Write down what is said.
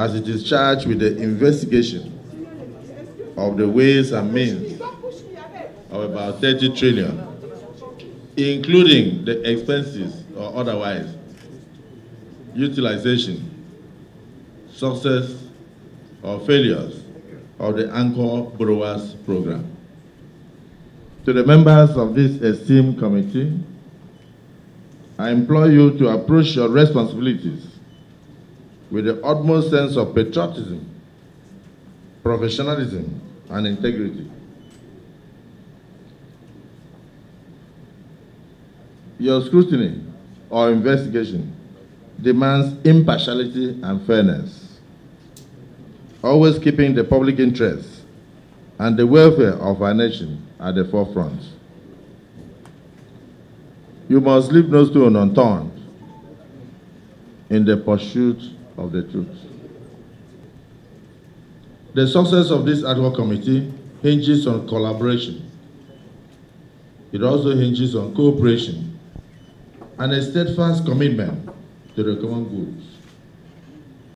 as it is charged with the investigation of the ways and means of about 30 trillion, including the expenses or otherwise, utilization, success or failures of the Anchor Borrowers Program. To the members of this esteemed committee, I implore you to approach your responsibilities with the utmost sense of patriotism, professionalism, and integrity. Your scrutiny or investigation demands impartiality and fairness, always keeping the public interest and the welfare of our nation at the forefront. You must leave no stone unturned in the pursuit of the truth. The success of this ad hoc committee hinges on collaboration. It also hinges on cooperation and a steadfast commitment to the common good.